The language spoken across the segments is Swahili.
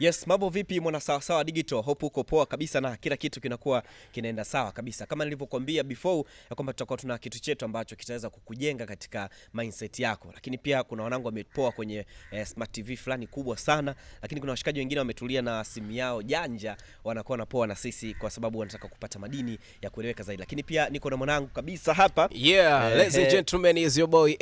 Yes, mambo vipi mwana sawa sawa digital? Hope uko poa kabisa na kila kitu kinakuwa kinaenda sawa kabisa. Kama nilivyokuambia before ya kwamba tutakuwa tuna kitu chetu ambacho kitaweza kukujenga katika mindset yako. Lakini pia kuna wanangu wamepoa kwenye eh, smart TV fulani kubwa sana, lakini kuna washikaji wengine wametulia na simu yao janja wanakuwa na poa na sisi kwa sababu wanataka kupata madini ya kueleweka zaidi. Lakini pia niko na mwanangu kabisa hapa. Yeah, eh, ladies and gentlemen is your boy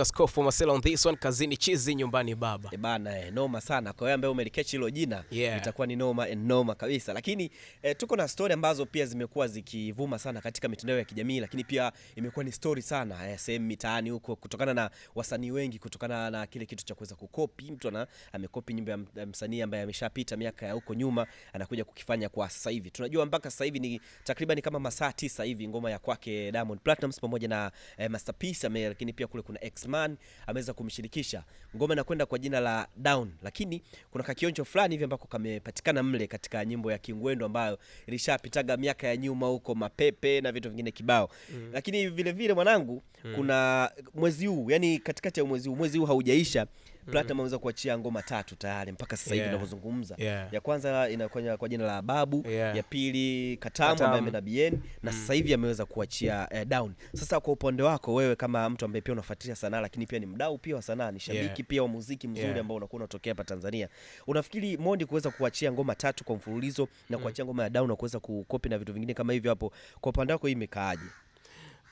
ASKOFU Marcel on this one, kazini chizi nyumbani baba. Eh, bana eh, noma sana. Kwa hiyo umelicachi hilo jina yeah, itakuwa ni noma and noma kabisa. Lakini eh, tuko na stori ambazo pia zimekuwa zikivuma sana katika mitandao ya kijamii, lakini pia imekuwa ni stori sana eh, sehemu mitaani huko, kutokana na wasanii wengi, kutokana na kile kitu cha kuweza kukopi. Mtu ana amekopi nyimbo ya msanii ambaye ameshapita miaka ya huko nyuma, anakuja kukifanya kwa sasa hivi. Tunajua mpaka sasa hivi ni takriban kama masaa tisa hivi ngoma ya kwake Diamond Platinum pamoja na eh, Masterpiece ame, lakini pia kule kuna X-Man ameweza kumshirikisha ngoma inakwenda kwa jina la Down, lakini kuna kakionjo fulani hivi ambako kamepatikana mle katika nyimbo ya Kingwendo ambayo ilishapitaga miaka ya nyuma huko, mapepe na vitu vingine kibao mm. Lakini vilevile mwanangu mm. kuna mwezi huu, yani katikati ya mwezi huu, mwezi huu haujaisha Eh. Platinum ameweza kuachia ngoma tatu tayari mpaka sasa hivi yeah. tunavyozungumza. Ya kwanza inakwenda kwa jina la babu yeah. ya pili Katamu ambaye ameenda BN na sasa hivi ameweza kuachia eh, Down. Sasa kwa upande wako wewe kama mtu ambaye pia unafuatilia sanaa lakini pia ni mdau pia wa sanaa, ni shabiki yeah. pia wa muziki mzuri yeah. ambao unakuwa unatokea hapa Tanzania. Unafikiri Mondi kuweza kuachia ngoma tatu kwa mfululizo na kuachia mm. ngoma ya Down na kuweza kukopi na vitu vingine kama hivyo hapo, kwa upande wako hii imekaaje?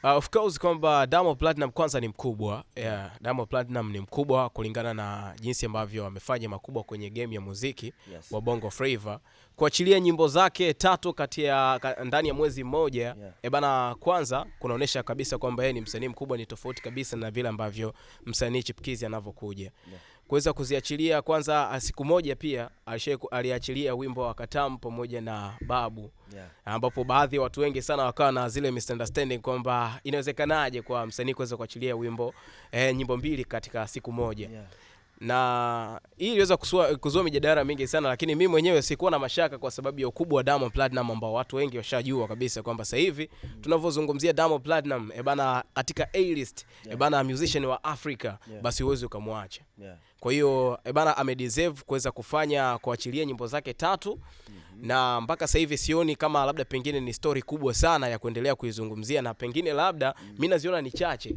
Uh, of course kwamba Diamond Platinum kwanza ni mkubwa. Yeah, Diamond Platinum ni mkubwa kulingana na jinsi ambavyo amefanya makubwa kwenye game ya muziki yes, wa Bongo Flava. Kuachilia nyimbo zake tatu kati ya ndani ya mwezi mmoja, yeah. E bana, kwanza kunaonesha kabisa kwamba yeye ni msanii mkubwa, ni tofauti kabisa na vile ambavyo msanii chipkizi anavyokuja. Yeah kuweza kuziachilia kwanza. Ah, siku moja pia aliachilia wimbo wa Katamu pamoja na Babu yeah, ambapo baadhi ya watu wengi sana wakawa na zile misunderstanding kwamba inawezekanaje kwa msanii kuweza kuachilia wimbo eh, nyimbo mbili katika siku moja yeah na hii iliweza kuzua mijadala mingi sana, lakini mi mwenyewe sikuwa na mashaka kwa sababu ya ukubwa wa Diamond Platinum ambao watu wengi washajua kabisa kwamba sasa hivi tunavyozungumzia Diamond Platinum e bana, katika A list e eh, bana, musician wa Africa, basi huwezi ukamwacha. Kwa hiyo e bana, amedeserve kuweza kufanya kuachilia nyimbo zake tatu mm-hmm. na mpaka sasa hivi sioni kama labda pengine ni stori kubwa sana ya kuendelea kuizungumzia, na pengine labda mm. mi naziona ni chache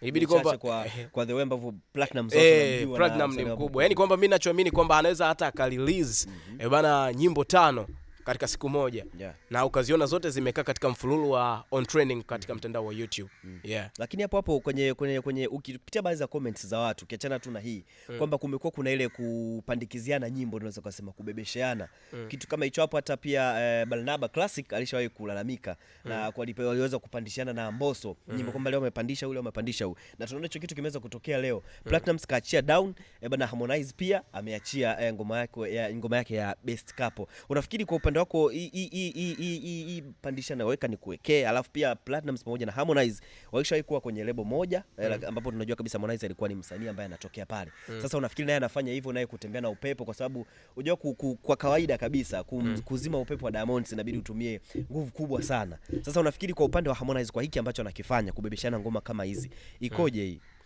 ibidi kwamba kwa, kwa the Platinum eh, Platinum ni mkubwa, yani kwamba mimi ninachoamini kwamba anaweza hata akarelease mm -hmm. bana nyimbo tano katika siku moja yeah. na ukaziona zote zimekaa katika mfululu wa on training katika mm-hmm. mtandao wa YouTube mm. yeah. Lakini hapo hapo kwenye, kwenye, kwenye ukipitia baadhi za comments za watu ukiachana tu na hii mm. kwamba kumekuwa kuna ile kupandikiziana nyimbo, tunaweza kusema kubebesheana mm. kitu kama hicho hapo. Hata pia eh, Barnaba Classic alishawahi kulalamika mm. na waliweza kupandishana na Mbosso mm. nyimbo kwamba leo amepandisha ule amepandisha huyu, na tunaona hicho kitu kimeweza kutokea leo mm. Platinum kaachia down eh, bana Harmonize pia ameachia eh, ngoma yake ya ngoma yake ya best couple. Unafikiri kwa upande upande wako pandisha na weka ni kuwekea. Alafu pia Platinum pamoja na Harmonize waishawahi kuwa kwenye lebo moja eh, mm, ambapo tunajua kabisa Harmonize alikuwa ni msanii ambaye anatokea pale mm. Sasa unafikiri naye anafanya hivyo naye kutembea na upepo, kwa sababu unajua kwa kawaida kabisa kum, mm. kuzima upepo wa Diamonds inabidi utumie nguvu kubwa sana. Sasa unafikiri kwa upande wa Harmonize kwa hiki ambacho anakifanya kubebeshana ngoma kama hizi ikoje mm. hii? Mm.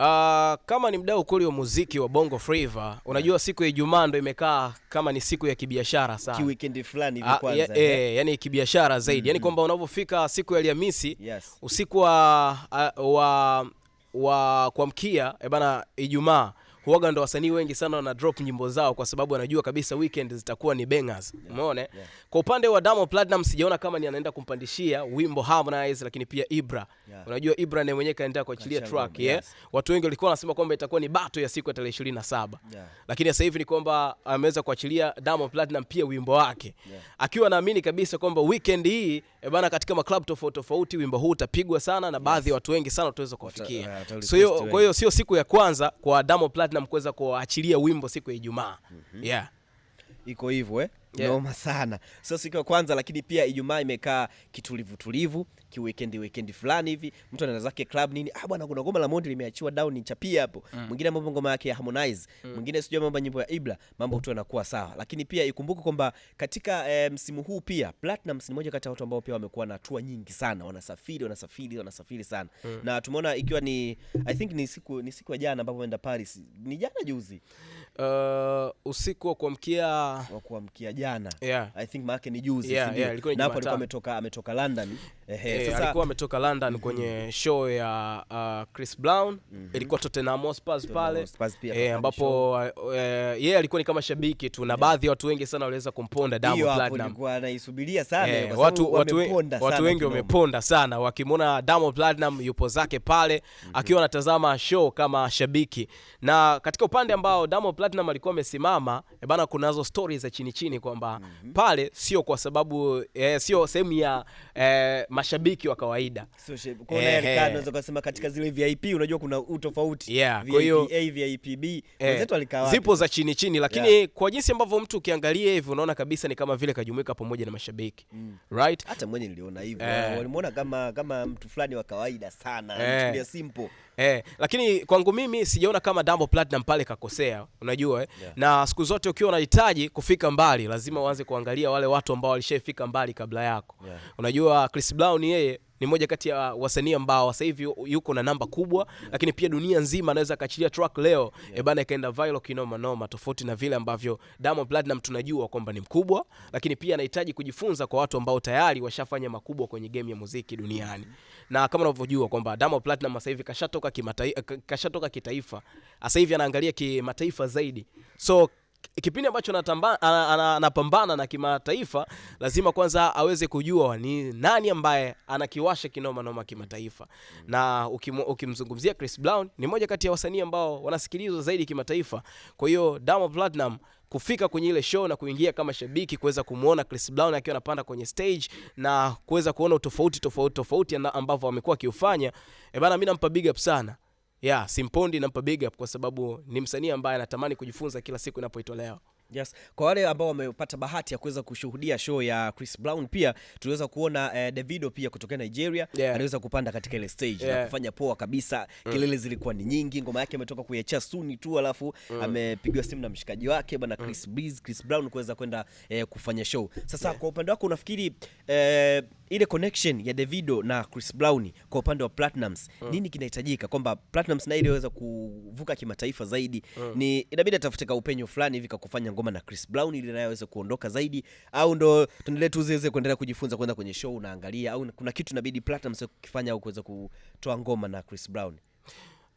Uh, kama ni mdau kweli wa muziki wa Bongo Flava, unajua siku ya Ijumaa ndo imekaa kama ni siku ya kibiashara sana. Ki weekend fulani hivi ah, kwanza. Ah, yeah, yeah, yani kibiashara zaidi. Mm -hmm. Yaani kwamba unapofika siku ya Alhamisi, yes. Usiku wa, wa, ah, wa, wa kuamkia eh, bana Ijumaa huaga ndo wasanii wengi sana wana drop nyimbo zao kwa sababu wanajua kabisa weekend zitakuwa ni bangers. yeah, Umeona? Yeah, Kwa upande wa Diamond Platinum sijaona kama ni anaenda kumpandishia wimbo Harmonize, lakini pia Ibra. Yeah. Unajua Ibra naye mwenyewe kaenda kuachilia track, yeah. Yes. Watu wengi walikuwa wanasema kwamba itakuwa ni bato ya siku ya tarehe 27. Yeah. Lakini sasa hivi ni kwamba ameweza kuachilia Diamond Platinum pia wimbo wake. Yeah. Akiwa naamini kabisa kwamba weekend hii e eh, bana, katika maklabu tofauti tofauti wimbo huu utapigwa sana na baadhi ya yes, watu wengi sana wataweza kuwafikia uh, So hiyo kwa hiyo sio siku ya kwanza kwa Diamond Platinum Platinum kuweza kuachilia wimbo siku ya Ijumaa. mm -hmm. yeah. Iko hivyo eh? Yeah. Noma sana. Sio siku ya kwanza lakini pia Ijumaa imekaa kitulivu tulivu, kiweekendi weekendi fulani hivi. Mtu anaenda zake club nini? Ah bwana kuna ngoma la Mondi limeachiwa down ni chapia hapo. Mm. Mwingine mambo ngoma yake ya Harmonize, mm. mwingine sijui mambo nyimbo ya ibla mambo tu yanakuwa sawa. Lakini pia ikumbuke kwamba katika eh, msimu huu pia Platinum ni moja kati ya watu ambao pia wamekuwa na hatua nyingi sana. Wanasafiri, wanasafiri, wanasafiri sana. Mm. Na tumeona ikiwa ni I think ni siku ni siku ya jana ambapo ameenda Paris. Ni jana juzi. Uh, usiku wa kuamkia wa kuamkia jana yeah. I think maana ni juzi yeah, yeah, na hapo alikuwa ametoka ametoka London ehe, yeah, sasa alikuwa ametoka London mm -hmm. kwenye show ya uh, Chris Brown mm -hmm. ilikuwa Tottenham Hotspur pale eh, ambapo uh, uh, yeye alikuwa ni kama shabiki tu na yeah. baadhi ya watu wengi sana waliweza kumponda Diamond Platinum. hiyo Alikuwa anaisubiria sana eh, kwa watu watu, sana watu wengi wameponda sana wakimwona Diamond Platinum yupo zake pale mm -hmm. akiwa anatazama show kama shabiki, na katika upande ambao Diamond Platinum alikuwa amesimama eh, bana, kunazo stori za chini chini kwamba mm -hmm. pale sio kwa sababu eh, sio sehemu ya eh, mashabiki wa kawaida so, katika zile VIP unajua kuna utofauti yeah, VIP, eh, zipo za chini chini, lakini yeah. kwa jinsi ambavyo mtu ukiangalia hivi unaona kabisa ni kama vile kajumuika pamoja na mashabiki mm. right, hata mwenye niliona hivyo eh. walimwona kama kama mtu fulani wa kawaida sana eh. simple Eh, lakini kwangu mimi sijaona kama Dambo Platinum pale kakosea, unajua eh? Yeah. Na siku zote ukiwa unahitaji kufika mbali lazima uanze kuangalia wale watu ambao walishafika mbali kabla yako. Yeah. Unajua Chris Brown yeye ni mmoja kati ya wasanii ambao sasa hivi yuko na namba kubwa, lakini pia dunia nzima anaweza akaachilia track leo yeah. Ebana eh, ikaenda viral kinoma noma, tofauti na vile ambavyo Diamond Platnumz tunajua kwamba ni mkubwa, lakini pia anahitaji kujifunza kwa watu ambao tayari washafanya makubwa kwenye game ya muziki duniani mm -hmm. na kama unavyojua kwamba Diamond Platnumz sasa hivi kashatoka kimataifa, kashatoka kitaifa, sasa hivi anaangalia kimataifa zaidi so kipindi ambacho anapambana na kimataifa lazima kwanza aweze kujua ni nani ambaye anakiwasha kinoma noma kimataifa. Na ukimzungumzia Chris Brown ni moja kati ya wasanii ambao wanasikilizwa zaidi kimataifa. Kwa hiyo Diamond Platnumz kufika kwenye ile show na kuingia kama shabiki kuweza kumwona Chris Brown akiwa anapanda kwenye stage na kuweza kuona utofauti tofauti tofauti ambavyo amekuwa akiufanya, eh bana, nampa big up sana yeah, Simpondi nampa big up kwa sababu ni msanii ambaye anatamani kujifunza kila siku inapoitolewa. Yes. Kwa wale ambao wamepata bahati ya kuweza kushuhudia show ya Chris Brown pia tuliweza kuona eh, Davido pia kutoka Nigeria yeah. aliweza kupanda katika ile stage yeah. na kufanya poa kabisa mm. kelele zilikuwa ni nyingi, ngoma yake ametoka kuiachia suni tu, alafu mm. amepigwa simu na mshikaji wake bwana mm. Chris mm. Breeze, Chris Brown kuweza kwenda eh, kufanya show sasa yeah. kwa upande wako unafikiri eh, ile connection ya Davido na Chris Brown kwa upande wa Platinums mm. nini kinahitajika kwamba Platinums na ile iliweza kuvuka kimataifa zaidi mm. ni inabidi atafute ka upenyo fulani hivi kakufanya ngoma na Chris Brown ili naye aweze kuondoka zaidi, au ndo tuendelee tu ziweze kuendelea kujifunza kwenda kwenye show unaangalia, au kuna kitu inabidi Platinums kufanya au kuweza kutoa ngoma na Chris Brown?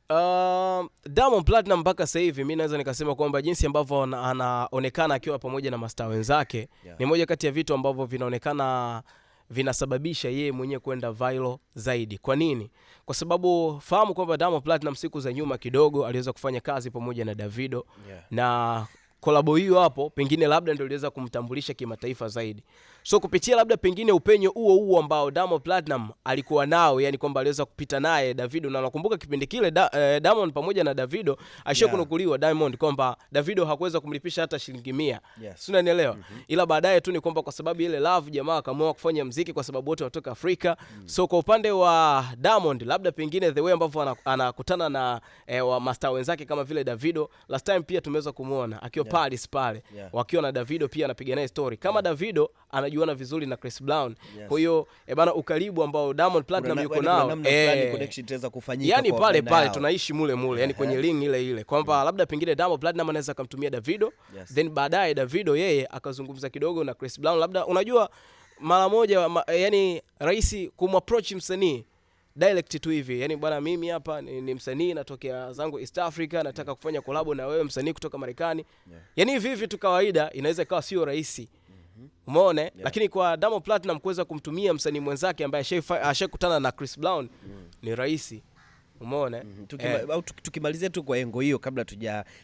Uh, Diamond Platinum mpaka sasa hivi mimi naweza nikasema kwamba jinsi ambavyo anaonekana akiwa pamoja na masta wenzake yeah. ni moja kati ya vitu ambavyo vinaonekana vinasababisha yeye mwenyewe kwenda viral zaidi. Kwa nini? Kwa sababu fahamu kwamba Diamond Platinum siku za nyuma kidogo aliweza kufanya kazi pamoja na Davido yeah. na kolabo hiyo hapo pengine labda ndio iliweza kumtambulisha kimataifa zaidi. So kupitia labda pengine upenyo huo huo ambao Diamond Platinum alikuwa nao, yani kwamba aliweza kupita naye Davido, na nakumbuka kipindi kile da, eh, Diamond pamoja na Davido ashakunukuliwa yeah. kunukuliwa Diamond kwamba Davido hakuweza kumlipisha hata shilingi mia yes. si unanielewa? mm -hmm. Ila baadaye tu ni kwamba kwa sababu ile love jamaa akaamua kufanya mziki kwa sababu wote watoka Afrika mm -hmm. So kwa upande wa Diamond labda pengine the way ambavyo anakutana na eh, wa master wenzake kama vile Davido last time pia tumeweza kumuona akiwa yeah. Paris pale yeah. wakiwa na Davido pia anapiga naye story kama yeah. Davido ana wanajuana vizuri na Chris Brown. Yes. Kwa hiyo eh bana, ukaribu ambao Diamond Platinum yuko nao eh, yani pale pale tunaishi mule mule yani kwenye ring ile ile kwamba mm. labda pengine Diamond Platinum anaweza akamtumia Davido. Yes. Then baadaye Davido yeye akazungumza kidogo na Chris Brown, labda unajua mara moja ma, yani rahisi kumapproach msanii direct tu hivi yani, bwana, mimi hapa ni, ni msanii natokea zangu East Africa, nataka mm. kufanya kolabo na wewe msanii kutoka Marekani. Yeah. Yani hivi hivi tu kawaida, inaweza ikawa sio rahisi umeone eh? Yeah. Lakini kwa damo Platinum kuweza kumtumia msanii mwenzake ambaye ashakutana na Chris Brown mm. ni rahisi. umeone mm -hmm. eh. Mm-hmm. eh. Tukimalizia tu kwa engo hiyo kabla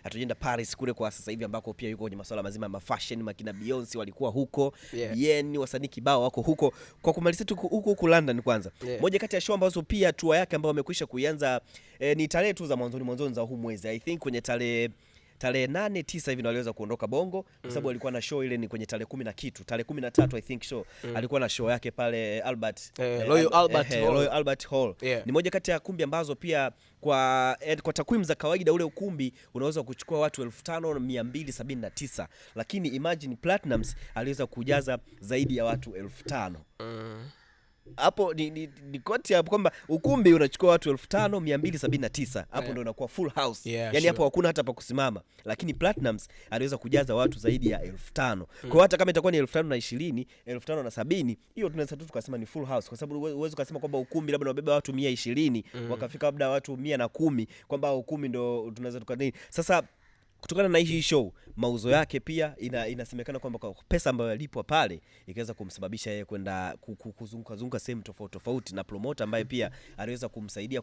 hatujaenda Paris kule kwa sasa hivi ambako pia yuko kwenye masuala mazima ya mafashen makina Beyonce walikuwa huko yeah. Yen wasanii kibao wako huko, kwa kumalizia tu huko huku London kwanza yeah. Moja kati ya show ambazo pia tua yake ambayo amekwisha kuianza eh, ni tarehe tu za mwanzoni mwanzoni za huu mwezi I think kwenye tarehe tarehe nane tisa hivi ndio aliweza kuondoka Bongo kwa mm. sababu mm. alikuwa na show ile ni kwenye tarehe kumi na kitu tarehe kumi na tatu I think show mm. alikuwa na show yake pale eh, Albert eh, eh, Royal Albert eh, Hall, Royal Albert Hall. Yeah. Ni moja kati ya kumbi ambazo pia kwa, eh, kwa takwimu za kawaida ule ukumbi unaweza kuchukua watu tisa lakini imagine Platinums aliweza kujaza zaidi ya watu tano Mm hapo ni, ni, ni koti hapo kwamba ukumbi unachukua watu elfu tano mia mbili sabini na tisa hapo Ndo unakuwa full house yeah, yani sure. Hapo hakuna hata pa kusimama, lakini Platinums aliweza kujaza watu zaidi ya elfu tano mm. Kwa hata kama itakuwa ni elfu tano na ishirini elfu tano na sabini hiyo tunaweza tu tukasema ni full house, kwa sababu huwezi ukasema kwamba ukumbi labda unabeba watu mia ishirini mm. Wakafika labda watu mia na kumi kwamba ukumbi ndo tunaweza tukanini sasa kutokana na hii show mauzo yake pia ina, inasemekana kwamba kwa pesa ambayo yalipwa pale ikaweza kumsababisha yeye kwenda kuzunguka zunguka sehemu tofauti tofauti, na promota ambaye pia aliweza kumsaidia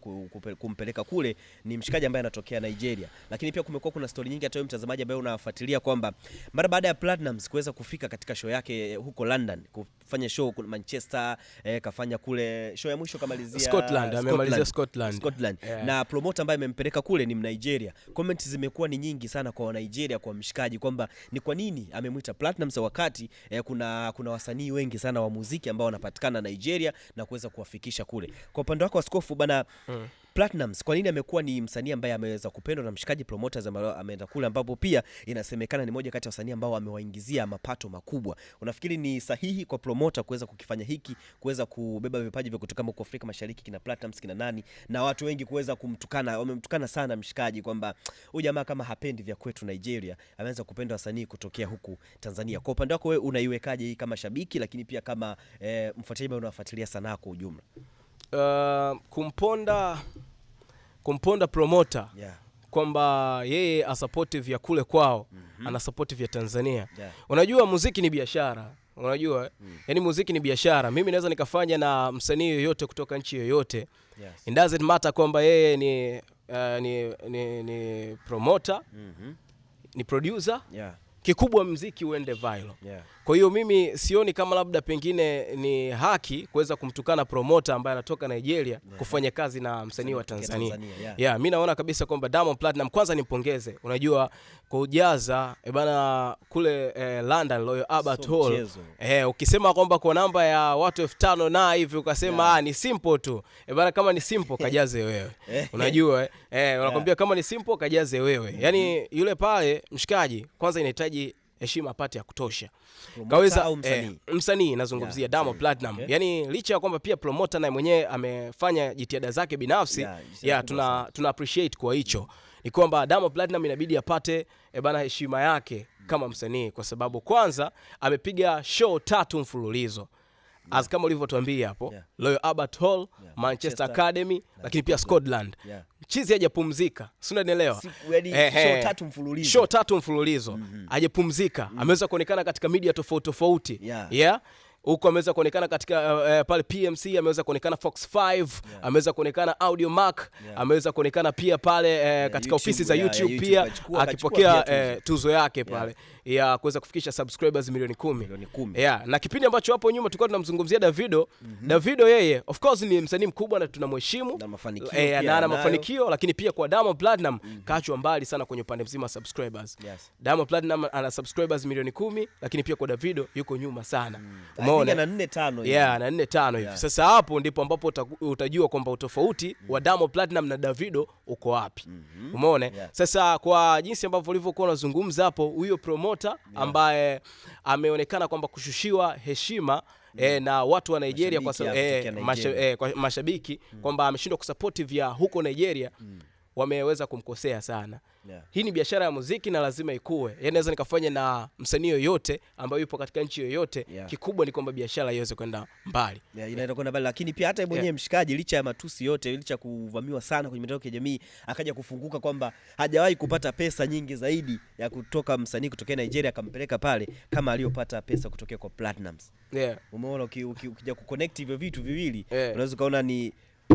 kumpeleka kule ni mshikaji ambaye anatokea Nigeria. Lakini pia kumekuwa kuna stori nyingi, hata wewe mtazamaji ambaye unafuatilia, kwamba mara baada ya Platinum kuweza kufika katika show yake huko London kafanya show kule Manchester eh, kafanya kule show ya mwisho kamalizia Scotland, amemalizia Scotland, Scotland. Yeah. Na promoter ambaye amempeleka kule ni nigeria Comment zimekuwa ni nyingi sana kwa Nigeria, kwa mshikaji kwamba ni kwa nini amemwita Platinum sa wakati eh, kuna, kuna wasanii wengi sana wa muziki ambao wanapatikana Nigeria na kuweza kuwafikisha kule. Kwa upande wako Askofu bana mm. Platinums, kwa nini amekuwa ni msanii ambaye ameweza kupendwa na mshikaji promoters ambao ameenda kule, ambapo pia inasemekana ni moja kati ya wasanii ambao amewaingizia mapato makubwa. Unafikiri ni sahihi kwa promoter kuweza kukifanya hiki, kuweza kubeba vipaji vya kutoka huko Afrika Mashariki, kina Platinums kina nani na watu wengi kuweza kumtukana, wamemtukana sana mshikaji kwamba huyu jamaa kama hapendi vya kwetu Nigeria, ameanza kupenda wasanii kutokea huku Tanzania. Kwa upande wako wewe unaiwekaje hii kama shabiki, lakini pia kama eh, mfuatiliaji unafuatilia sanaa kwa ujumla? Uh, kumponda kumponda promota yeah kwamba yeye asapoti vya kule kwao mm -hmm. anasapoti vya Tanzania yeah. Unajua muziki ni biashara unajua eh? mm. Yani muziki ni biashara. Mimi naweza nikafanya na msanii yoyote kutoka nchi yoyote yes. It doesn't matter kwamba yeye ni, uh, ni, ni, ni promoter mm -hmm. ni producer yeah. Kikubwa mziki uende viral yeah. Kwa hiyo mimi sioni kama labda pengine ni haki kuweza kumtukana promota ambaye anatoka Nigeria kufanya kazi na msanii wa Tanzania. Tanzania yeah. Yeah, mimi naona kabisa kwamba Diamond Platinum kwanza nimpongeze. Unajua kwa ujaza e eh, bana kule eh, London Royal Albert so, Hall. Eh, ukisema kwamba kwa namba ya watu elfu tano na hivi ukasema yeah. Ah, ni simple tu. E bana kama ni simple kajaze wewe. Unajua eh, unakwambia yeah. kama ni simple kajaze wewe. mm -hmm. Yaani mm-hmm. yule pale mshikaji kwanza inahitaji heshima apate ya kutosha. Kaweza eh, msanii nazungumzia damo platinum Okay. yani licha ya kwamba pia promoter naye mwenyewe amefanya jitihada zake binafsi yeah, yeah, tuna, tuna appreciate kwa hicho ni kwamba damo platinum inabidi apate e bana heshima yake kama msanii kwa sababu kwanza amepiga show tatu mfululizo as kama ulivyotuambia hapo yeah. Royal Albert Hall yeah. Manchester, Manchester Academy lakini pia Scotland yeah. Chizi hajapumzika, si unanielewa? Show tatu mfululizo, show tatu mfululizo mm -hmm. Ameweza kuonekana katika media tofauti tofauti yeah. yeah huko ameweza kuonekana katika uh, pale PMC ameweza kuonekana Fox 5 yeah. ameweza kuonekana Audio Mac yeah. ameweza kuonekana pia pale uh, yeah, katika ofisi za YouTube, yeah, YouTube pia kachukua, akipokea kachukua pia tuzo. uh, tuzo yake pale yeah. ya kuweza kufikisha subscribers milioni kumi, milioni kumi. Yeah. na kipindi ambacho hapo nyuma tulikuwa tunamzungumzia Davido mm -hmm. Davido yeye of course ni msanii mkubwa na tunamheshimu na mafanikio eh, na ana mafanikio lakini pia kwa Diamond Platinum mm -hmm. kachwa mbali sana kwenye upande mzima subscribers yes. Diamond Platinum ana subscribers milioni kumi lakini pia kwa Davido yuko nyuma sana mm na nne tano hivi Sasa hapo ndipo ambapo utajua kwamba utofauti mm. wa damo Platinum na Davido uko wapi mm -hmm. umeone yeah. Sasa kwa jinsi ambavyo ulivyokuwa unazungumza hapo, huyo promota ambaye ameonekana kwamba kushushiwa heshima E, na watu wa Nigeria mashabiki eh, eh, mm. kwamba ameshindwa kusapoti vya huko Nigeria mm. wameweza kumkosea sana yeah. Hii ni biashara ya muziki na lazima ikue, yani naweza nikafanya na msanii yoyote ambayo yupo katika nchi yoyote yeah. Kikubwa ni kwamba biashara iweze kwenda mbali yeah, inaenda kwenda mbali, lakini pia hata mwenyewe yeah. Mshikaji licha ya matusi yote, licha kuvamiwa sana kwenye mitandao ya kijamii, akaja kufunguka kwamba hajawahi kupata pesa nyingi zaidi ya kutoka msanii kutokea Nigeria akampeleka pale kama aliyopata pesa kutokea kwa platinums yeah. Umeona, ukija kuconnect hivyo vitu viwili yeah. Unaweza ukaona ni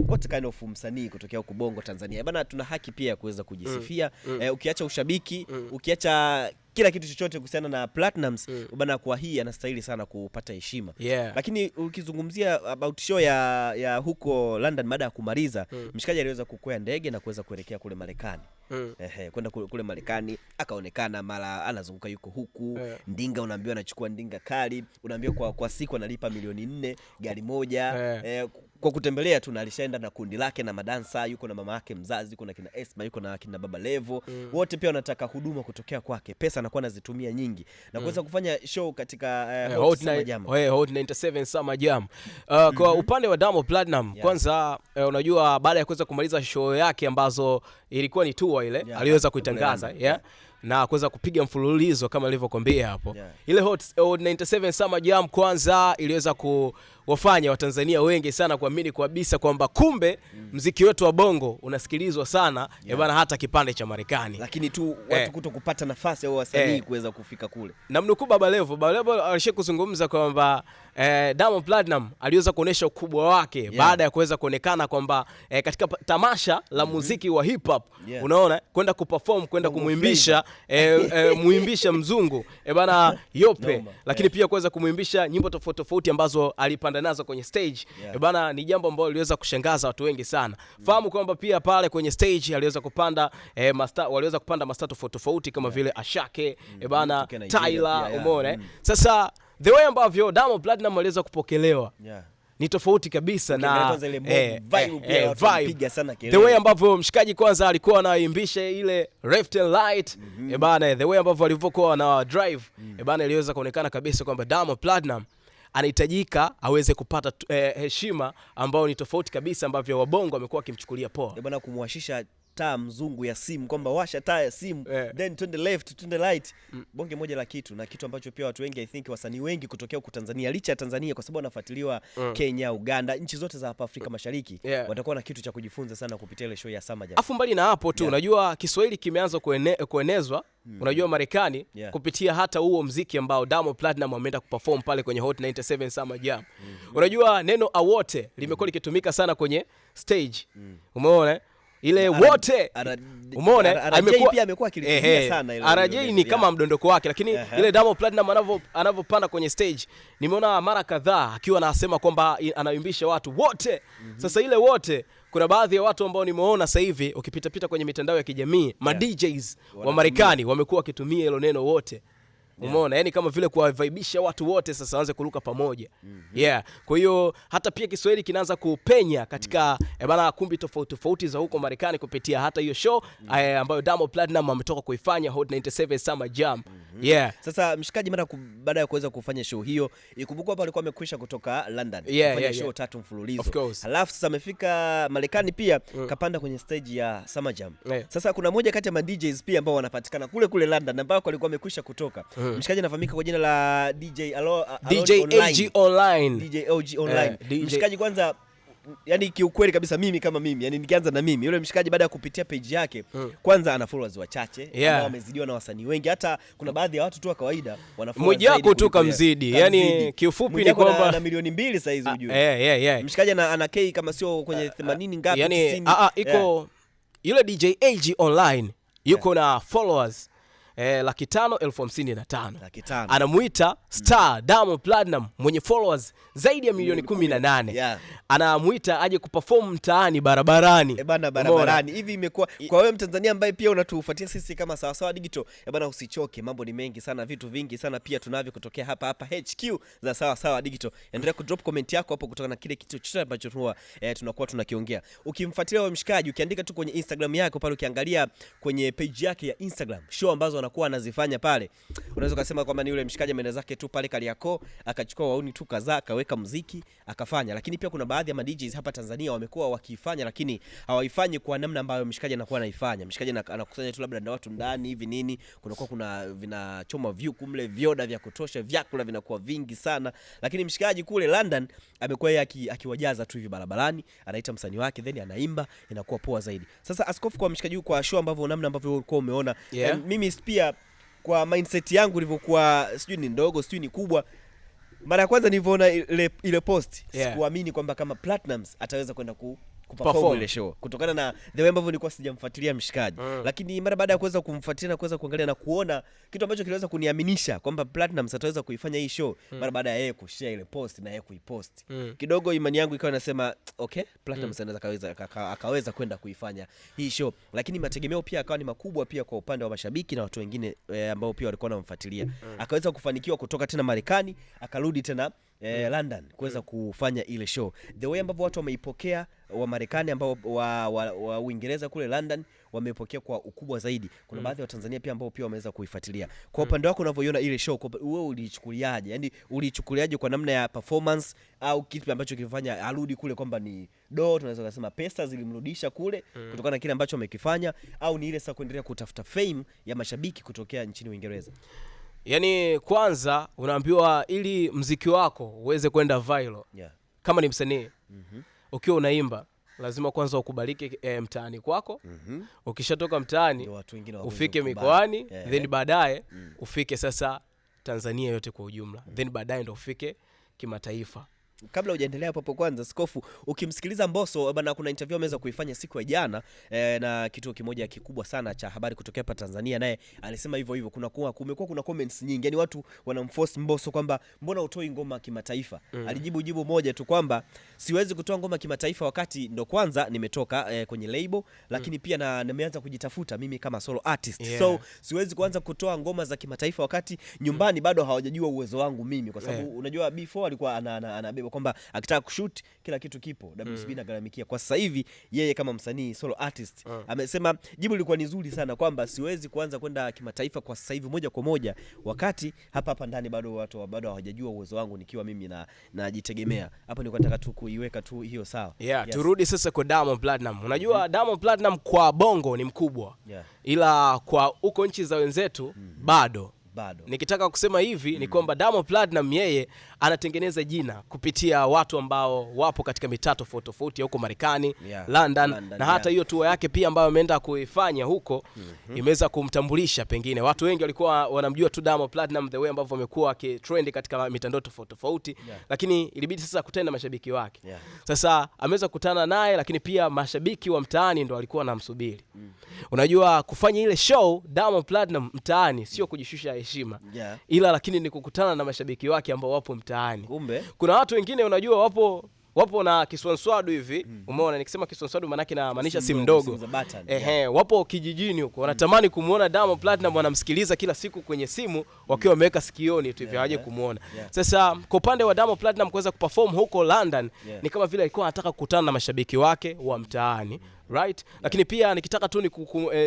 what kind of msanii kutokea huko Bongo Tanzania bana, tuna haki pia ya kuweza kujisifia mm, mm. Eh, ukiacha ushabiki mm. ukiacha kila kitu chochote kuhusiana na Platinums mm. bana, kwa hii anastahili sana kupata heshima yeah. Lakini ukizungumzia about show ya, ya huko London baada ya kumaliza mm. mshikaji aliweza kukwea ndege na kuweza kuelekea kule Marekani mm. Ehe, kwenda kule, kule Marekani akaonekana mara anazunguka yuko huku yeah. Ndinga unaambiwa anachukua ndinga kali, unaambiwa kwa, kwa siku analipa milioni nne gari moja yeah. eh, eh kwa kutembelea tu, na alishaenda na kundi lake na madansa, yuko na mama yake mzazi, yuko na kina Esma, yuko na kina baba Levo mm. wote pia wanataka huduma kutokea kwake, pesa anakuwa anazitumia nyingi na mm. kuweza mm. kufanya show katika uh, eh, hey, eh, Hot 97 eh, Summer Jam uh, kwa mhm. upande wa Damo Platinum yeah. Kwanza uh, unajua baada ya kuweza kumaliza show yake ambazo ilikuwa ni tour ile yeah. aliweza kuitangaza yeah. yeah na kuweza kupiga mfululizo kama nilivyokwambia hapo yeah. Ile hot 97 eh, Summer Jam kwanza iliweza kuwafanya Watanzania wengi sana kuamini kabisa kwamba kumbe mm. mziki wetu wa bongo unasikilizwa sana eh, yeah. Bana hata kipande cha Marekani, lakini tu watu eh. kuto kupata nafasi au wasanii eh. kuweza kufika kule. Namnukuu Baba Levo, alishakuzungumza kwamba eh, Diamond Platinum aliweza kuonesha ukubwa wake yeah. Baada ya kuweza kuonekana kwamba eh, katika tamasha la mm -hmm. muziki wa hip hop yeah. Unaona kwenda kuperform kwenda kumwimbisha eh, eh, muimbisha mzungu eh, bana Yope no, lakini yeah. pia kuweza kumwimbisha nyimbo tofauti tofauti ambazo alipanda nazo kwenye stage yeah. Eh, bana ni jambo ambalo liweza kushangaza watu wengi sana yeah. Mm. Fahamu kwamba pia pale kwenye stage aliweza kupanda eh, master waliweza kupanda master tofauti tofauti kama yeah. vile Ashake mm -hmm. eh, bana Tyler yeah, yeah. Umeona eh. mm -hmm. Sasa the way ambavyo Diamond Platnumz aliweza kupokelewa yeah ni tofauti kabisa na eh, eh, vibe eh, the way ambavyo mshikaji kwanza alikuwa anaimbisha ile left and light mm -hmm. Ebana, eh, the way ambavyo alivyokuwa na drive mm Ebana, eh, iliweza kuonekana kabisa kwamba Diamond Platnumz anahitajika aweze kupata heshima ambayo ni tofauti kabisa ambavyo wabongo wamekuwa wakimchukulia poa. Ebana, kumwashisha taa mzungu ya simu kwamba washa taa ya simu yeah. Then twende left twende right mm. Bonge moja la kitu na kitu ambacho pia watu wengi I think wasanii wengi kutokea huku Tanzania licha ya Tanzania kwa sababu wanafuatiliwa mm. Kenya, Uganda, nchi zote za hapa Afrika Mashariki yeah. Watakuwa na kitu cha kujifunza sana kupitia ile show ya Samaja. Afu mbali na hapo tu yeah. Unajua Kiswahili kimeanza kuene, kuenezwa mm. Unajua Marekani yeah. Kupitia hata huo mziki ambao damo platinum ameenda kuperform pale kwenye Hot 97 Summer Jam mm. Unajua neno awote limekuwa likitumika sana kwenye stage mm. Umeona ile wote umeona, amekuwa RJ ni kama mdondoko wake, lakini uh -huh. ile Diamond Platnumz anavyo anavyopanda kwenye stage nimeona mara kadhaa akiwa anasema kwamba anaimbisha watu wote mm -hmm. Sasa ile wote kuna baadhi ya watu ambao nimeona sasa hivi pita kwenye mitandao ya kijamii yeah. ma DJs wa Marekani wamekuwa wakitumia hilo neno wote yeah. Umeona yani kama vile kuwavibeisha watu wote sasa waanze kuruka pamoja mm -hmm. yeah. Kwa hiyo hata pia Kiswahili kinaanza kupenya katika mm -hmm. Eh, bana kumbi tofauti tofauti za huko Marekani kupitia hata hiyo show mm -hmm. ambayo damo platinum ametoka kuifanya Hot 97 Summer Jam mm -hmm. yeah. Sasa mshikaji, mara baada ya kuweza kufanya show hiyo, ikumbukwa hapa alikuwa amekwisha kutoka London yeah, kufanya yeah, show yeah. tatu mfululizo, alafu sasa amefika Marekani pia mm. kapanda kwenye stage ya Summer Jam yeah. Sasa kuna moja kati ya ma DJs pia ambao wanapatikana kule kule London ambao alikuwa amekwisha kutoka mm. Mm. Mshikaji anafahamika kwa jina la DJ Alo, DJ AG Online. DJ OG Online. Eh, mshikaji kwanza yani kiukweli kabisa mimi kama mimi yani nikianza na mimi yule mshikaji baada ya kupitia page yake mm. Kwanza ana followers wachache yeah. Ambao wamezidiwa na wasanii wengi, hata kuna baadhi ya watu tu wa kawaida wana followers mmoja wako tu kamzidi, yani kiufupi ni kwamba ana milioni mbili sasa hizo ah, ujue, yeah, yeah, yeah. Mshikaji ana, ana K kama sio kwenye 80 uh, uh, ngapi, yani 90 ah, ah, iko yeah. yule DJ AG Online yuko yeah. na followers eh, laki tano elfu hamsini na tano anamwita star mm. damo Platinum mwenye followers zaidi ya milioni kumi na nane yeah. anamwita aje kuperform mtaani barabarani, ebana eh, barabarani. Hivi imekuwa kwa wewe Mtanzania ambaye pia unatufuatia sisi kama Sawasawa Digital, ebana eh, usichoke, mambo ni mengi sana, vitu vingi sana pia tunavyo kutokea hapa hapa HQ za Sawasawa Digital. Endelea kudrop comment yako hapo kutoka na kile kitu chochote ambacho tunua eh, tunakuwa tunakiongea. Ukimfuatilia wewe mshikaji, ukiandika tu kwenye Instagram yako pale, ukiangalia kwenye page yake ya Instagram show ambazo ana anakuwa anazifanya pale, unaweza ukasema kwamba ni yule mshikaji ameenda zake tu pale kaliako akachukua wauni tu kadhaa akaweka muziki akafanya. Lakini pia kuna baadhi ya ma hapa Tanzania wamekuwa wakifanya, lakini hawaifanyi kwa namna ambayo mshikaji anakuwa anaifanya. Mshikaji anakusanya tu labda na watu ndani hivi nini, kunakuwa kuna vinachoma view kumle, vyoda vya kutosha, vyakula vinakuwa vingi sana, lakini mshikaji kule London amekuwa yeye akiwajaza tu hivi barabarani, anaita msanii wake then anaimba, inakuwa poa zaidi. Sasa Askofu, kwa mshikaji kwa show ambavyo namna ambavyo ulikuwa umeona, yeah. Eh, mimi pia pia kwa mindset yangu ilivyokuwa, sijui ni ndogo, sijui ni kubwa. Mara ya kwanza nilivyoona ile, ile post yeah, sikuamini kwamba kama Platnumz ataweza kwenda ku kutokana na hewe ambavyo nilikuwa sijamfuatilia mshikaji mm. Lakini mara baada ya kuweza kumfuatilia na kuweza kuangalia na kuona kitu ambacho kiliweza kuniaminisha kwamba Platinum ataweza kuifanya hii show mm. Mara baada ya yeye kushare ile post na yeye kuipost mm. Kidogo imani yangu ikawa inasema okay, Platinum mm. Anaweza akaweza kwenda kuifanya hii show, lakini mategemeo pia akawa ni makubwa pia kwa upande wa mashabiki na watu wengine e, ambao pia walikuwa wanamfuatilia mm. Akaweza kufanikiwa kutoka tena Marekani akarudi tena eh, mm. London kuweza mm. kufanya ile show. The way ambavyo watu wameipokea wa Marekani ambao wa, wa, wa Uingereza kule London wamepokea kwa ukubwa zaidi. Kuna mm. baadhi ya Watanzania pia ambao pia wameweza kuifuatilia. Kwa mm. upande wako unavyoiona ile show, wewe ulichukuliaje? Yaani ulichukuliaje kwa namna ya performance au kitu ambacho kilifanya arudi kule kwamba ni do, tunaweza kusema pesa zilimrudisha kule mm. kutokana na kile ambacho amekifanya, au ni ile sasa kuendelea kutafuta fame ya mashabiki kutokea nchini Uingereza? yani kwanza unaambiwa ili mziki wako uweze kwenda viral yeah. kama ni msanii mm -hmm. ukiwa unaimba lazima kwanza ukubalike e, mtaani kwako mm -hmm. ukishatoka mtaani ufike mikoani yeah. then baadaye mm. ufike sasa Tanzania yote kwa ujumla mm. then baadaye ndo ufike kimataifa. Kabla hujaendelea hapo hapo, kwanza Skofu, ukimsikiliza mboso eh, bana, kuna interview ameweza kuifanya siku ya jana e, na kituo kimoja kikubwa sana cha habari kutokea hapa Tanzania, naye alisema hivyo hivyo. Kuna kuwa kumekuwa kuna comments nyingi, yani watu wanamforce mboso kwamba mbona utoi ngoma kimataifa? mm. Alijibu jibu moja tu kwamba siwezi kutoa ngoma kimataifa wakati ndo kwanza nimetoka e, kwenye label, lakini mm. pia na nimeanza kujitafuta mimi kama solo artist yeah. So siwezi kuanza kutoa ngoma za kimataifa wakati nyumbani mm. bado hawajajua uwezo wangu mimi, kwa sababu yeah. unajua before alikuwa anabeba ana, ana, ana kwamba akitaka kushut kila kitu kipo. Mm. WCB nagaramikia kwa sasa hivi, yeye kama msanii solo artist ah. amesema jibu lilikuwa ni zuri sana kwamba siwezi kuanza kwenda kimataifa kwa sasa hivi moja kwa moja, wakati hapa hapa ndani bado watu bado hawajajua uwezo wangu nikiwa mimi na najitegemea. Hapo nilikuwa nataka tu kuiweka tu hiyo sawa. Yeah, yes. Turudi sasa kwa damo Platinum. Unajua mm-hmm. damo Platinum kwa Bongo ni mkubwa. Yeah. Ila kwa huko nchi za wenzetu mm -hmm. bado bado. Nikitaka kusema hivi mm. ni kwamba Diamond Platnumz yeye anatengeneza jina kupitia watu ambao wapo katika mitaa tofauti tofauti huko Marekani yeah. London, London na hata yeah. hiyo yeah. tour yake pia ambayo ameenda kuifanya huko mm -hmm. imeweza kumtambulisha, pengine watu wengi walikuwa wanamjua tu Diamond Platnumz the way ambavyo amekuwa akitrend katika mitandao tofauti tofauti yeah. lakini ilibidi sasa kutana na mashabiki wake yeah. Sasa ameweza kukutana naye, lakini pia mashabiki wa mtaani ndo walikuwa wanamsubiri mm. Unajua, kufanya ile show Diamond Platnumz mtaani sio kujishusha heshima yeah. Ila lakini ni kukutana na mashabiki wake ambao wapo mtaani. kuna watu wengine unajua wapo wapo na kiswanswadu hivi mm. Umeona, nikisema kiswanswadu maanake namaanisha si mdogo ehe, wapo kijijini huko wanatamani kumuona Diamond Platnumz, wanamsikiliza kila siku kwenye simu wakiwa wameweka sikioni tu hivyo yeah. hawaje kumuona. Sasa kwa upande wa damo platinum kuweza kuperform huko London yeah. Ni kama vile alikuwa anataka kukutana na mashabiki wake wa mtaani mm. right, Yeah. lakini pia nikitaka tu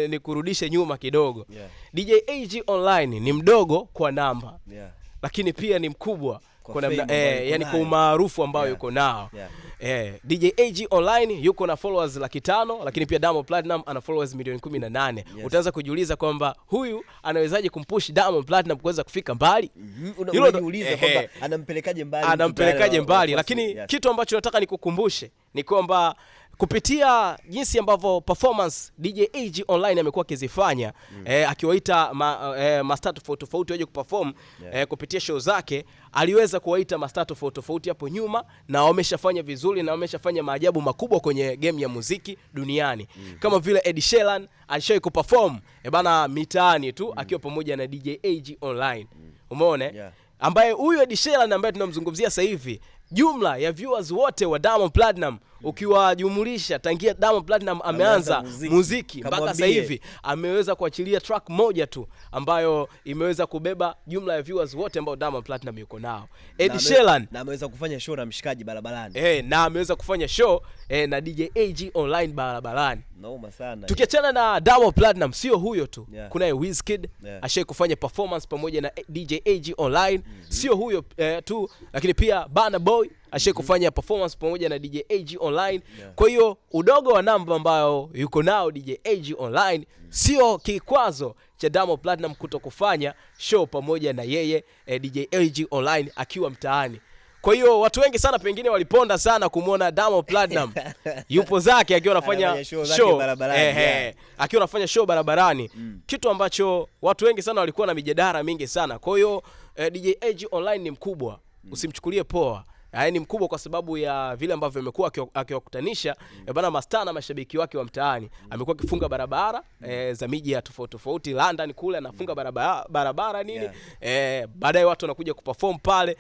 nikurudishe eh, ni nyuma kidogo yeah. DJ AG Online ni mdogo kwa namba yeah. Lakini pia ni mkubwa kwa namna eh, yani kwa umaarufu ambao yeah. yuko nao yeah. eh, DJ AG online yuko na followers laki tano lakini pia Diamond Platinum ana followers milioni 18. Yes. Utaanza kujiuliza kwamba huyu anawezaje kumpush Diamond Platinum kuweza kufika mbali? mm -hmm. Unajiuliza eh, kwamba eh. anampelekaje mbali, anampelekaje mbali, lakini yes. kitu ambacho nataka nikukumbushe ni kwamba kupitia jinsi ambavyo performance DJ AG online amekuwa akizifanya mm. eh, akiwaita ma, eh, mastaa tofauti tofauti waje kuperform yeah. eh, kupitia show zake aliweza kuwaita mastaa tofauti tofauti hapo nyuma, na wameshafanya vizuri na wameshafanya maajabu makubwa kwenye game ya muziki duniani mm. kama vile Ed Sheeran alishawahi kuperform eh, bana mitaani tu mm. akiwa pamoja na DJ AG online mm. umeona eh? yeah ambaye huyu Ed Sheeran ambaye tunamzungumzia sasa hivi, jumla ya viewers wote wa Diamond Platinum ukiwajumulisha tangia Diamond Platinum ameanza muziki mpaka sasa hivi ameweza kuachilia track moja tu ambayo imeweza kubeba jumla ya viewers wote ambao Diamond Platinum yuko nao. Ed Sheeran na ameweza kufanya show na mshikaji barabarani. Eh, na ameweza kufanya show eh, na DJ AG online barabarani. Naoma sana. Tukiachana na Diamond platinum sio huyo tu yeah. Kunaye Wizkid yeah. Ashai kufanya performance pamoja na eh, DJ AG online mm -hmm. Sio huyo eh, tu lakini pia bana Boy ashai mhm. kufanya performance pamoja na DJ AG online yeah. Kwa hiyo udogo wa namba ambayo yuko nao DJ AG online mm. sio kikwazo cha Diamond platinum kuto kufanya show pamoja na yeye eh, DJ AG online akiwa mtaani. Kwa hiyo watu wengi sana pengine waliponda sana kumwona Diamond Platinum yupo zake akiwa anafanya show barabarani, eh, eh, akiwa anafanya show barabarani mm, kitu ambacho watu wengi sana walikuwa na mijadala mingi sana. Kwa hiyo eh, DJ Age Online ni mkubwa mm, usimchukulie poa eh, ni mkubwa kwa sababu ya vile ambavyo amekuwa akiwakutanisha mm. Eh, bana mastaa na mashabiki wake wa mtaani. mm. Amekuwa akifunga barabara mm. e, za miji ya tofauti tofauti London kule anafunga mm. barabara, barabara nini yeah. e, baadaye watu wanakuja kuperform pale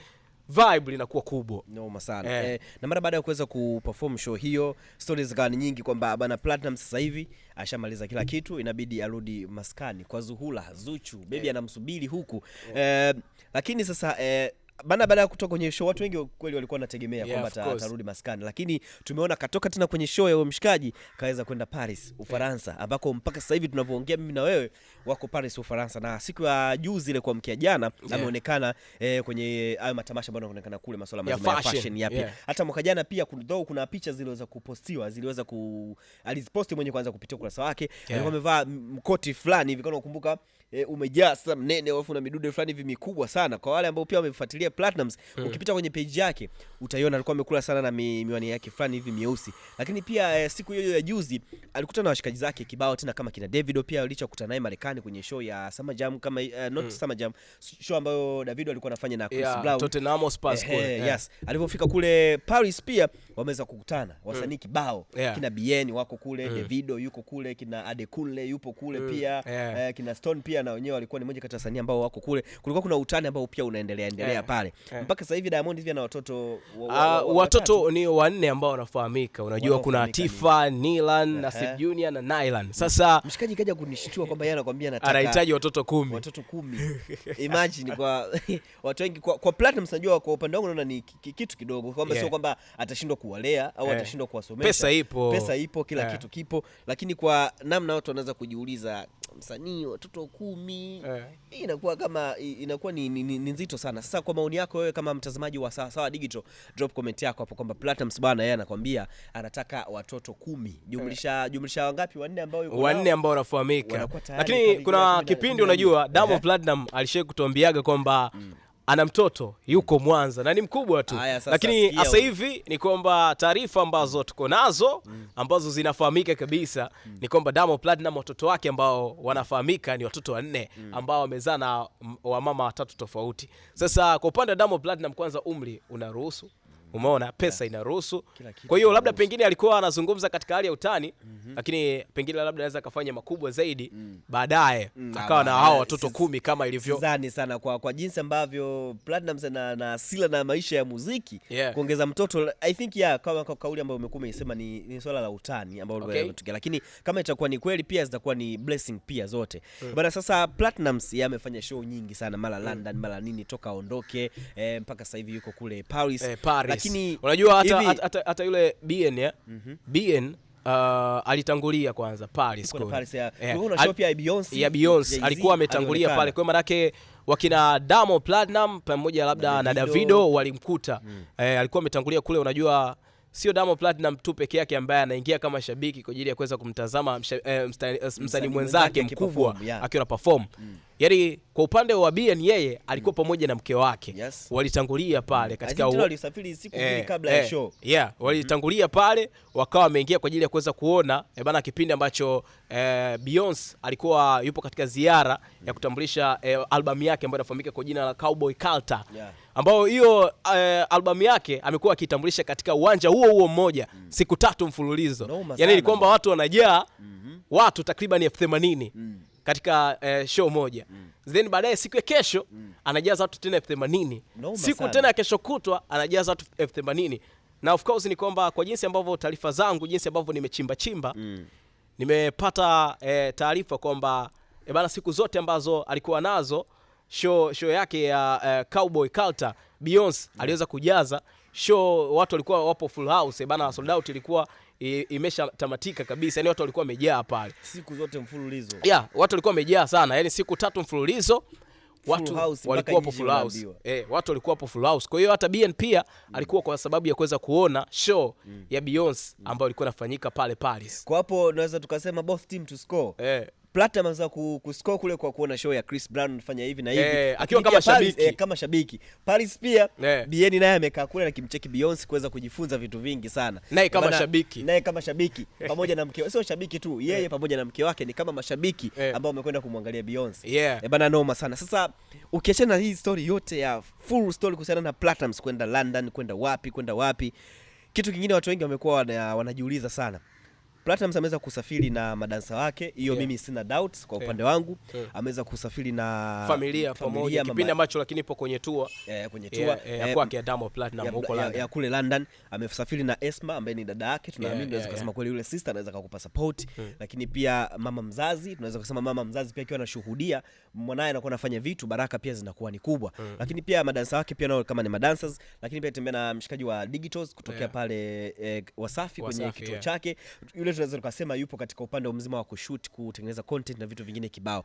vibe linakuwa kubwa noma sana eh. Eh, na mara baada ya kuweza kuperform show hiyo stories zikawa ni nyingi kwamba bana Platinum sasa hivi ashamaliza kila kitu, inabidi arudi maskani kwa Zuhura Zuchu, baby eh, anamsubiri huku eh, eh lakini sasa eh, bana baada ya kutoka kwenye show watu wengi kweli walikuwa wanategemea yeah, kwamba atarudi maskani, lakini tumeona katoka tena kwenye show ya mshikaji kaweza kwenda Paris eh. Ufaransa, yeah, ambako mpaka sasa hivi tunavyoongea mimi na wewe wako Paris Ufaransa, na siku ya juzi ile kwa mkia jana yeah, ameonekana eh, kwenye hayo matamasha ambayo yanaonekana kule masuala mazima ya fashion fashion yapi, yeah. Hata mwaka jana pia though kuna picha ziliweza kupostiwa ziliweza ku aliziposti mwenye kwanza kupitia ukurasa wake, yeah, alikuwa amevaa mkoti fulani hivi kama ukumbuka e, umejaa sasa mnene, alafu na midude fulani hivi mikubwa sana. Kwa wale ambao pia wamefuatilia Platinums mm. ukipita kwenye page yake utaiona alikuwa amekula sana na mi, miwani yake fulani hivi mieusi, lakini pia e, siku hiyo ya juzi alikutana na washikaji zake kibao tena kama kina Davido, pia alichokutana naye Marekani kwenye show ya Summer Jam kama uh, not mm. Summer Jam show ambayo Davido alikuwa anafanya na Chris yeah, Brown Tottenham Hotspur eh, eh, yeah. Yes, alipofika kule Paris pia wameweza kukutana wasanii mm. kibao yeah. kina Bien wako kule mm. Davido yuko kule kina Adekunle yupo kule mm. pia yeah. eh, kina Stone pia na wenyewe walikuwa ni moja kati ya wasanii ambao wako kule, kulikuwa kuna utani ambao pia unaendelea endelea yeah, pale yeah. Mpaka sasa hivi Diamond hivi ana watoto wa, wa, ah, wa, uh, watoto ni wanne ambao wanafahamika, unajua kuna Tifa, Nilan, Nasib Junior na Nailan. Sasa mshikaji kaja kunishtua kwamba yeye anakuambia nataka anahitaji watoto kumi, watoto kumi. Imagine kwa watu wengi kwa, kwa Platinum unajua kwa upande wangu naona ni kitu kidogo kwamba yeah. Sio kwamba atashindwa kuwalea au yeah. Atashindwa kuwasomesha. Pesa ipo, pesa ipo, kila yeah. Kitu kipo, lakini kwa namna watu wanaweza kujiuliza msanii watoto kumi eh. Inakuwa kama inakuwa ni, ni, ni nzito sana. Sasa kwa maoni yako wewe kama mtazamaji wa Sawasawa Digital, drop comment yako hapo kwamba Platinum bana yeye anakwambia anataka watoto kumi jumlisha, eh. jumlisha wangapi? Wanne ambao yuko wanne ambao wanafahamika, lakini kuna kipindi unajua damo eh. Platinum alishai kutuambiaga kwamba mm ana mtoto yuko Mwanza na ni mkubwa tu. Aya, lakini sasa hivi ni kwamba taarifa ambazo tuko nazo ambazo zinafahamika kabisa ni kwamba Diamond Platnumz watoto wake ambao wanafahamika ni watoto wanne ambao wamezaa na wamama watatu tofauti. Sasa kwa upande wa Diamond Platnumz, kwanza umri unaruhusu Umeona pesa inaruhusu. Kwa hiyo labda pengine alikuwa anazungumza katika hali ya utani mm -hmm. Lakini pengine labda anaweza akafanya makubwa zaidi mm. Baadaye mm. akawa ah, na hao watoto kumi kama ilivyo. zani sana kwa, kwa jinsi ambavyo Platnumz na, na asila na maisha ya muziki yeah. Kuongeza mtoto I think yeah, kama kwa kauli ambayo umekuwa umeisema ni, ni swala la utani ambao okay. Lakini kama itakuwa ni kweli pia zitakuwa ni blessing pia zote mm. Bana sasa Platnumz yeye amefanya show nyingi sana mara mm. London mm. mara nini toka aondoke eh, mpaka sasa hivi yuko kule Paris, eh, Paris. Lakini unajua hata, hata, hata, hata yule BN ya? Eh? Mm -hmm. BN Uh, alitangulia kwanza Paris Paris ya, yeah. Al, ya Beyonce, ya Beyonce alikuwa ametangulia pale kwa manake wakina Damo Platinum pamoja labda na Davido walimkuta mm. Eh, alikuwa ametangulia kule, unajua sio Damo Platinum tu peke yake ambaye anaingia kama shabiki kwa ajili ya kuweza kumtazama eh, eh, msanii mwenzake mkubwa akiwa na perform mm yani kwa upande wa Bien yeye alikuwa mm. pamoja na mke wake yes. Walitangulia pale katika u... walisafiri siku mbili eh, kabla ya eh, show yeah, walitangulia mm -hmm. pale wakawa wameingia kwa ajili ya kuweza kuona eh, bana kipindi ambacho eh, Beyonce alikuwa yupo katika ziara ya mm-hmm. kutambulisha eh, albamu yake ambayo inafahamika kwa jina la Cowboy Carter yeah. ambayo hiyo eh, albamu yake amekuwa akitambulisha katika uwanja huo huo mmoja mm -hmm. siku tatu mfululizo no, yani ni kwamba watu wanajaa mm -hmm. watu takriban elfu themanini mm -hmm katika eh, show moja mm. Then baadaye siku ya kesho mm. anajaza watu tena elfu themanini no, siku tena ya kesho kutwa anajaza watu elfu themanini na of course ni kwamba kwa jinsi ambavyo taarifa zangu jinsi ambavyo nimechimba chimba mm. nimepata eh, taarifa kwamba eh, bana siku zote ambazo alikuwa nazo show, show yake ya eh, Cowboy Carter Beyonce mm. aliweza kujaza show, watu walikuwa wapo full house eh, bana sold out ilikuwa imeshatamatika kabisa, yani watu walikuwa wamejaa pale siku zote mfululizo. ya Yeah, watu walikuwa wamejaa sana, yani siku tatu mfululizo watu walikuwa hapo full house eh, watu walikuwa hapo full house. Kwa hiyo hata BNP pia mm. alikuwa kwa sababu ya kuweza kuona show mm. ya Beyonce mm. ambayo ilikuwa inafanyika pale Paris. Kwa hapo naweza tukasema both team to score eh. Platinum za kule kwa kuona show ya Chris Brown hivi na eh, kama eh, kama shabiki Paris pia eh. naye amekaa kule na kimcheki Beyonce kuweza kujifunza vitu vingi sana naye kama Mbana, shabiki naye kama shabiki pamoja na sio shabiki tu yeye eh. Pamoja na mke wake ni kama mashabiki eh, ambao wamekwenda kumwangalia Beyonce yeah. Eh, noma sana sasa. Ukiachana na hii story yote ya full story kuhusiana na kwenda London kwenda wapi kwenda wapi, kitu kingine watu wengi wamekuwa wanajiuliza sana Platinum ameweza kusafiri na madansa wake, hiyo yeah. Mimi sina doubts kwa upande yeah. wangu yeah. ameweza kusafiri na familia pamoja, kipindi ambacho lakini ipo kwenye tour eh, yeah, kwenye tour yeah, yeah, ya kwake Diamond Platinum huko London, ya kule London. Amesafiri na Esma ambaye ni dada yake, tunaamini yeah, tunaweza yeah, kusema yeah. kweli yule sister anaweza kukupa support hmm. lakini pia mama mzazi, tunaweza kusema mama mzazi pia akiwa anashuhudia mwanae anakuwa anafanya vitu, baraka pia zinakuwa ni kubwa hmm. lakini pia madansa wake pia nao kama ni madancers, lakini pia tembea na mshikaji wa Digitals kutokea yeah. pale eh, Wasafi, Wasafi kwenye kituo yeah. chake yule vile tunaweza tukasema yupo katika upande mzima wa kushuti kutengeneza content na vitu vingine kibao.